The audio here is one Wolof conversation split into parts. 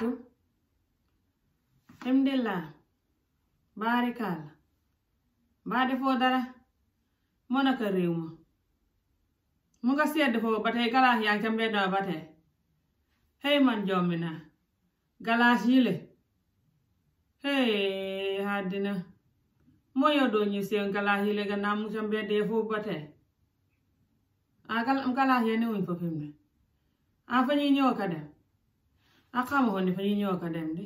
faatu xem dellaa baarikaal mbaa defoo dara mën a ko ma mu nga sedd foofu ba tey yaa ngi ca mbedd ba tey man jommi naa galaas yi le xëy àddina moo doo ñu seen galaas yi le gannaaw mu ca mbedd foofu ba tey ah galaas ya newuñ fa fi ne ah fa ñuy ñëw ka ah xamu ko ne fa ñu ñëw ko dem di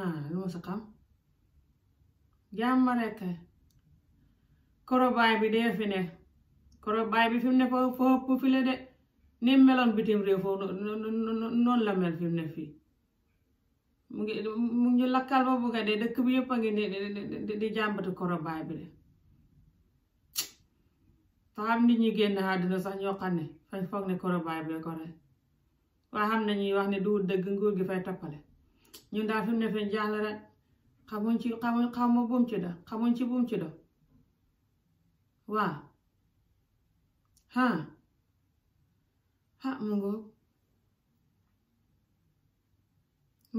ah lu ma sa xam jàmbare kay korobaay bi dee fi ne korobaay bi fi mu ne foofu fi la de ni meloon bitim réew foofu noonu la mel fi ne fii mu ngi mu ngi lakkal ba bugga de dëkk bi yëpp ngi di di jàmbatu korobaay bi de taxam nit ñi génn àdduna sax ñoo xam ne fañ foog ne korobaay bi ko rek waa xam nañuy wax ne du dëgg nguur gi fay tappale ñun daal fi mu ne fi jaaxle rek xamuñ ci xamuñ xawma ci do xamuñ ci buum ci do waaw ha ha mu ngoog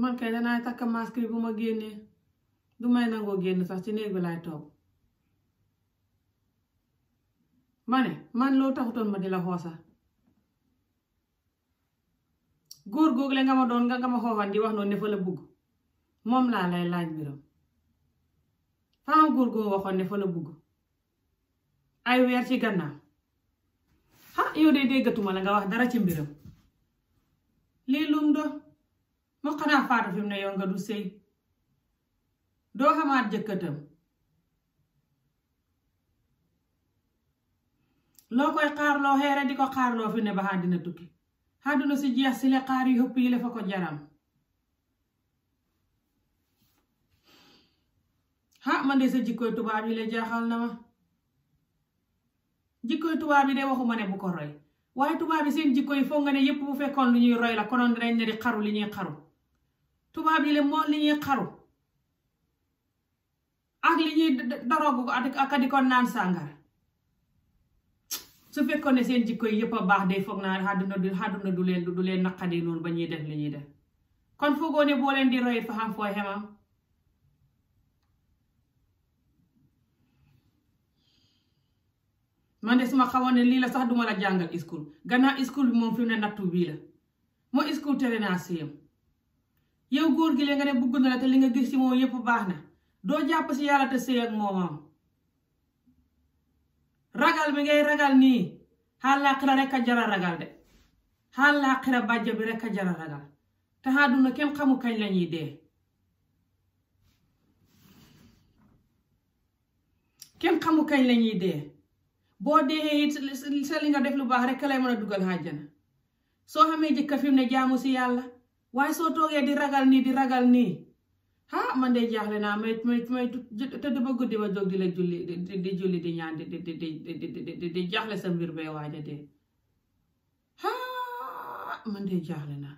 man kay danaa takk masque bu ma génnee du may nangoo génn sax ci néeg bi lay toog ma man loo taxutoon ma di la xoosa góor góor la nga ma doon nga nga ma xooxoon di wax noonu ne fa la bugg moom laa lay laaj mbiram fa am góor googu waxoon ne fa la bugg ay weer ci gannaaw ah yow de déggatuma la nga wax dara ci mbiram lii lum do mu xanaa faatu fi mu ne yow nga du sëy doo xamaat jëkkëtam loo koy xaarloo xeere di ko xaarloo fi ne ba dina tukki haɗuno si jiya sile kaari hoppiile fo ko jaram ha man de sa jikkoy tubaab yi la jaaxal na ma jikkoy tubaab yi de waxuma ne bu ko roy waaye tubaab yi seen jikko yi foog nga ne yépp bu fekkoon li ñuy roy la konoon dinañ ne di li ñuy xaru tubaab yi la moo li ñuy xaru ak li ñuy dorogu ak di naan sàngara su fekkoon seen jikko yi yëpp baax de foog naa àdduna du àdduna du leen du leen naqadi noonu ba ñuy def li ñuy def kon foogoo boo leen di roy fa xam foo xemam man de suma xawoon ne lii la sax duma la jàngal iskul gannaaw iskul bi moom fi mu ne nattu bii la moo iskul tere naa siyam yow góor gi lee nga ne bugg na la te li nga gis ci moom yëpp baax na doo jàpp si yàlla te sëy ak moomam ragal bi ngay ragal nii xaalaaxira rek a jara ragal de xaalaaxira bàjja bi rek a jara ragal te kenn xamu kañ lañuy dee kenn xamu kañ lañuy dee boo dee it sa li nga def lu baax rek lay mën a dugal àjjana soo xamee jëkka fi mu ne jaamu si yàlla waaye soo toogee di ragal nii di ragal nii ah man de jaaxle naa may may may tëdd ba guddi ba jóg di la julli di di ñaan di di di di di jaaxle sa mbir bay waaja dee ah man de jaaxle naa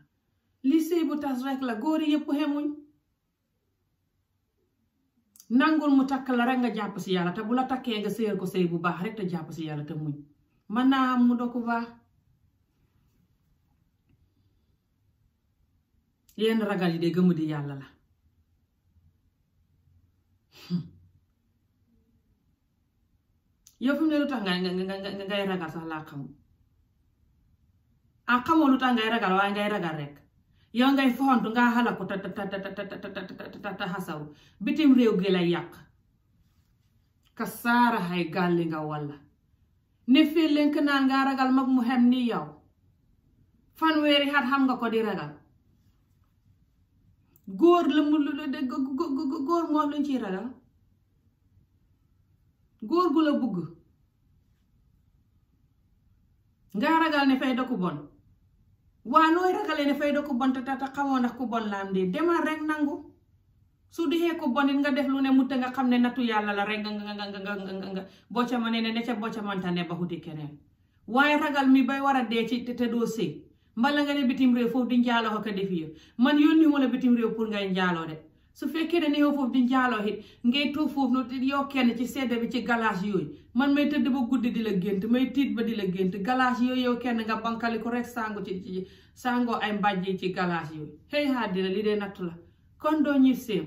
li sëy bu tas rek la góor yi yëpp xemuñ nangul mu takk la rek nga jàpp si yàlla te bu la takkee nga sëyal ko sëy bu baax rek te jàpp si yàlla te muñ man naa am mu doku baax yenn ragal yi de gëmu di yàlla la yow fi ne lu tax nga nga ngay ragal sax laa xamul ah xamoo lu tax ngay ragal waaye ngay ragal rek yow ngay foxantu nga xalaat ko ta ta ta ta ta xasaw bitim réew gi lay yàq ka saara xay gàlli nga walla ne fii lenk naan nga ragal mag mu xem ni yow fanweeri xat xam nga ko di ragal góor la mu góor moo am lañ ciy ragal góor gu la bugg nga ragal ne fay da bon waa nooy ragalee ne fay da ku bon te te xamoo a ku bon la am dee demal rek nangu su dee ku bon it nga def lu ne mu te nga xam ne nattu yàlla la rek nga nga nga nga nga boo ca ma ne ne ca boo ca ne ba xuti keneen waaye ragal mi bay war a dee ci te doo sëy mbala nga ne bitim réew foofu di njaaloo ko def yow man yónni ma la bitim réew pour ngay njaaloo de su fekkee ne ne yow foofu di njaaloo it ngay toog foofu noonu kenn ci sedd bi ci galaas yooyu man may tëdd ba guddi di la gént may tiit ba di la gént galaas yooyu yow kenn nga bankali ko rek sangu ci sangoo ay mbàjj ci galaas yooyu xëy xaar dina li dee nattu la kon doo ñuy séem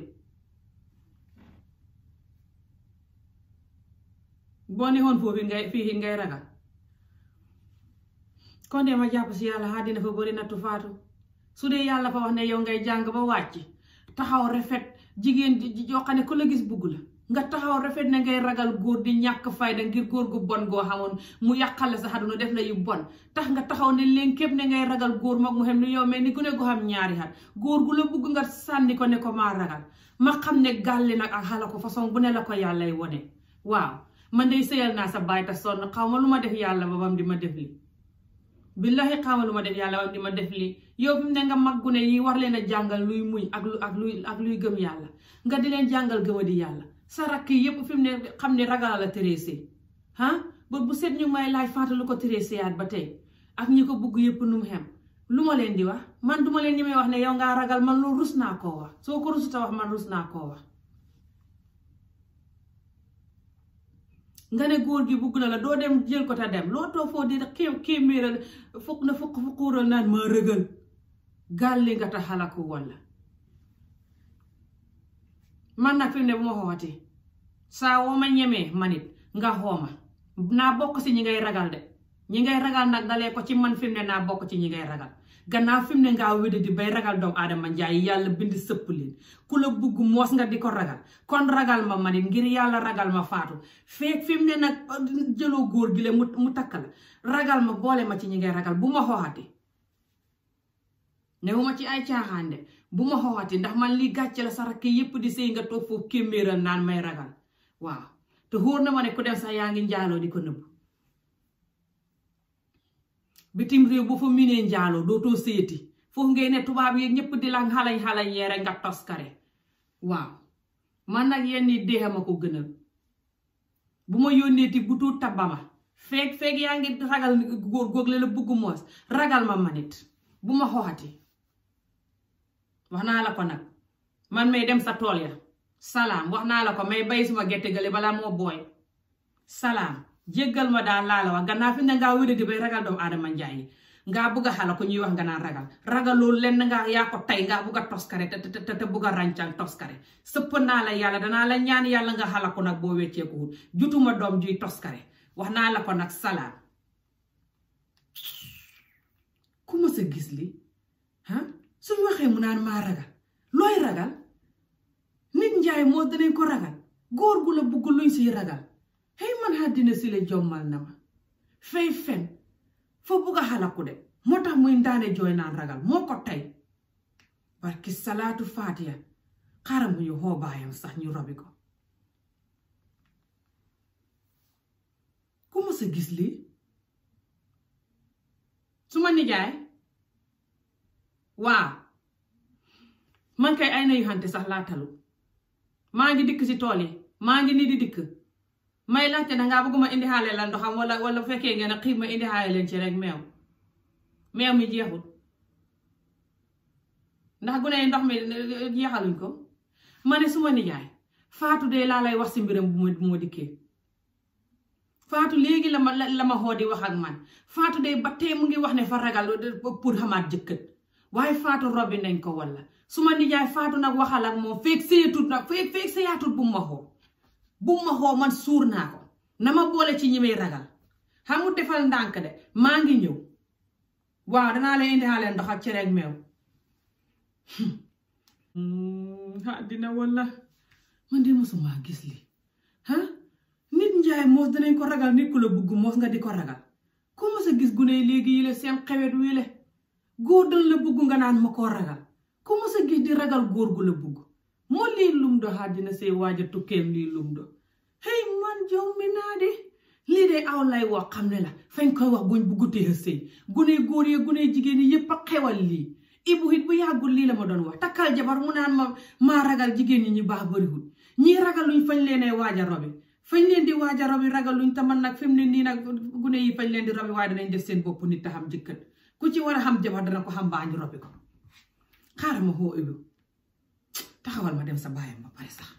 boo ne woon foofu ngay fii ngay ragal kon de ma jàpp si yàlla xa fa bëri nattu faatu su dee yàlla fa wax ne yow ngay jàng ba wàcc taxaw rafet jigéen ji joo xam ne ku la gis bugg la nga taxaw rafet na ngay ragal góor di ñàkk fayda ngir góor gu bon goo xamoon mu yàqale sa xaduna def na yu bon tax nga taxaw ne leen képp ne ngay ragal góor mag mu xam ne yow mel ni ku ne ko xam ñaari xat góor gu la bugg nga sànni ko ne ko maa ragal ma xam ne gàlli nag ak xala ko fa façon bu ne la ko yàllay wone waaw man day sëyal naa sa baay ta sonn xaw ma lu ma def yàlla babam di ma def li billahi xamal lu ma def yàlla di ma def lii yow fi mu ne nga mag gune yi war leen a jàngal luy muñ ak lu ak luy ak luy gëm yàlla nga di leen jàngal gëm di yàlla sa rakk yi yépp fi mu ne xam ne ragal la Thérèse ah ba bu set ñu may laaj faatalu ko Thérèse yaat ba tey ak ñi ko bugg yépp nu mu lu ma leen di wax man duma leen ñi may wax ne yow ngaa ragal man loolu rus naa koo wax soo ko rusuta wax man rus naa koo wax nga ne góor gi bugg na la doo dem jël ko te dem loo too foo di ké kéeméeral fukk na fukk fukkuural naan maa rëgal gàlli nga ta xalaku walla man nag fi ne bu ma xooti saa woo ma ñemee manit nga xooma naa bokk ci ñi ngay ragal de ñi ngay ragal nag dalee ko ci man fi ne naa bokk ci ñi ngay ragal gannaaw fi mu ne ngaa di bay ragal doomu aadama njaay yàlla bind sëpp leen ku la bugg moos nga di ko ragal kon ragal ma ma ngir yàlla ragal ma faatu feek fi mu ne nag uh, jëloo góor gi le mu takk la ragal ma boole ma ci ñi ngay ragal bu ma xooxati ci ay caaxaan bu ma ndax man li gàcce la sa rakk yépp di sëy nga toog foofu kémméeral naan may ragal waaw te xóor na ma ne ku dem sax yaa ngi njaaloo di ko nëbb bitim réew boo fa minee njaaloo dootoo séeti foofu ngay ne tubaab yi ñëpp di la xalay xalay yeere nga toskare waaw man nag yenn yi a ko gënal bu ma yónneeti bu tuut tabama feeg feeg yaa ngi ragal góor góor la bugg moos ragal ma manit bu ma xoxati wax naa la ko nag man may dem sa tool ya salaam wax naa la ko may bay suma gerte gale balaa moo booy salaam jéggal ma daal laa la wax gannaaw fi ne ngaa wéradi bay ragal doomu aadama njaay ngaa bugg a ko ñuy wax nga naan ragal ragaloo lenn ngaa yaa ko tey ngaa bugg a toskare te te te bugg a toskare sëpp naa la yàlla danaa la ñaan yàlla nga xala ko nag boo wecceekuwul jutuma doom juy toskare wax naa la ko nag salaam ku ma sa gis li ah suñu waxee mu naan maa ragal looy ragal nit njaay moo danañ ko ragal góor gu la bugg luñ siy ragal hey man àddina si la jommal na ma fay fen foo bugg a xalaku de moo tax muy ndaane jooy naan ragal moo ko tey barki salaatu faatiya xaaral mu ñu xoobaayam sax ñu robi ko ku mës a gis lii suma nijaay waaw man kay ay na yu xante sax laatalu maa ngi dikk ci tool yi maa ngi nii di dikk may laajte na ngaa bëgguma indi xaale la ndoxam wala wala bu fekkee ngeen a xiib ma indi leen ci rek meew meew mi jeexul ndax gune yi ndox mi jeexaluñ ko ma ne suma nijaay faatu de laa wax si mbiram bu ma bu faatu léegi la ma la ma di wax ak man faatu de ba tey mu ngi wax ne fa ragal pour xamaat jëkkët waaye faatu robbi nañ ko wala suma nijaay faatu nag waxal ak moom feeg seetut nag feeg feeg seyaatut bu ma xoo bu ma suur naa ko na ma boole ci ñi may ragal xamu defal ndànk de maa ngi ñëw waaw danaa leen indi xaale ndox ak cere meew ah dina wala man de mosuma gis li ah nit njaay moos danañ ko ragal nit ku la bugg mos nga di ko ragal ko mos a gis gune yi léegi yi la seen xewet wi la góor dan la bugg nga naan ma koo ragal ko mos a gis di ragal góor gu la bugg moo lii lumdo haddina see waaja tukkeem lii lumdo hey man jommi naa de lii de aw lay wax xam ne la fañ koy wax bu buggutee sëy gune góor yee gune jigéen yi yépp a xewal lii ibu hit bu yàggul lii la ma doon wax takkal jabar mu naan ma maa jigéen ñi ñu baax bariwul ñii ragal luñ fañ leenee waaja robi fañ leen di waaja robi ragal luñ taman nag fi mu nii nag gune yi fañ leen di robi waaye danañ def seen bopp nit ta xam jëkkër ku ci war a xam jabar dana ko xam mbaa ñu robi ko xaaral ma xoo ibu taxawal ma dem sa baayam ba pare sax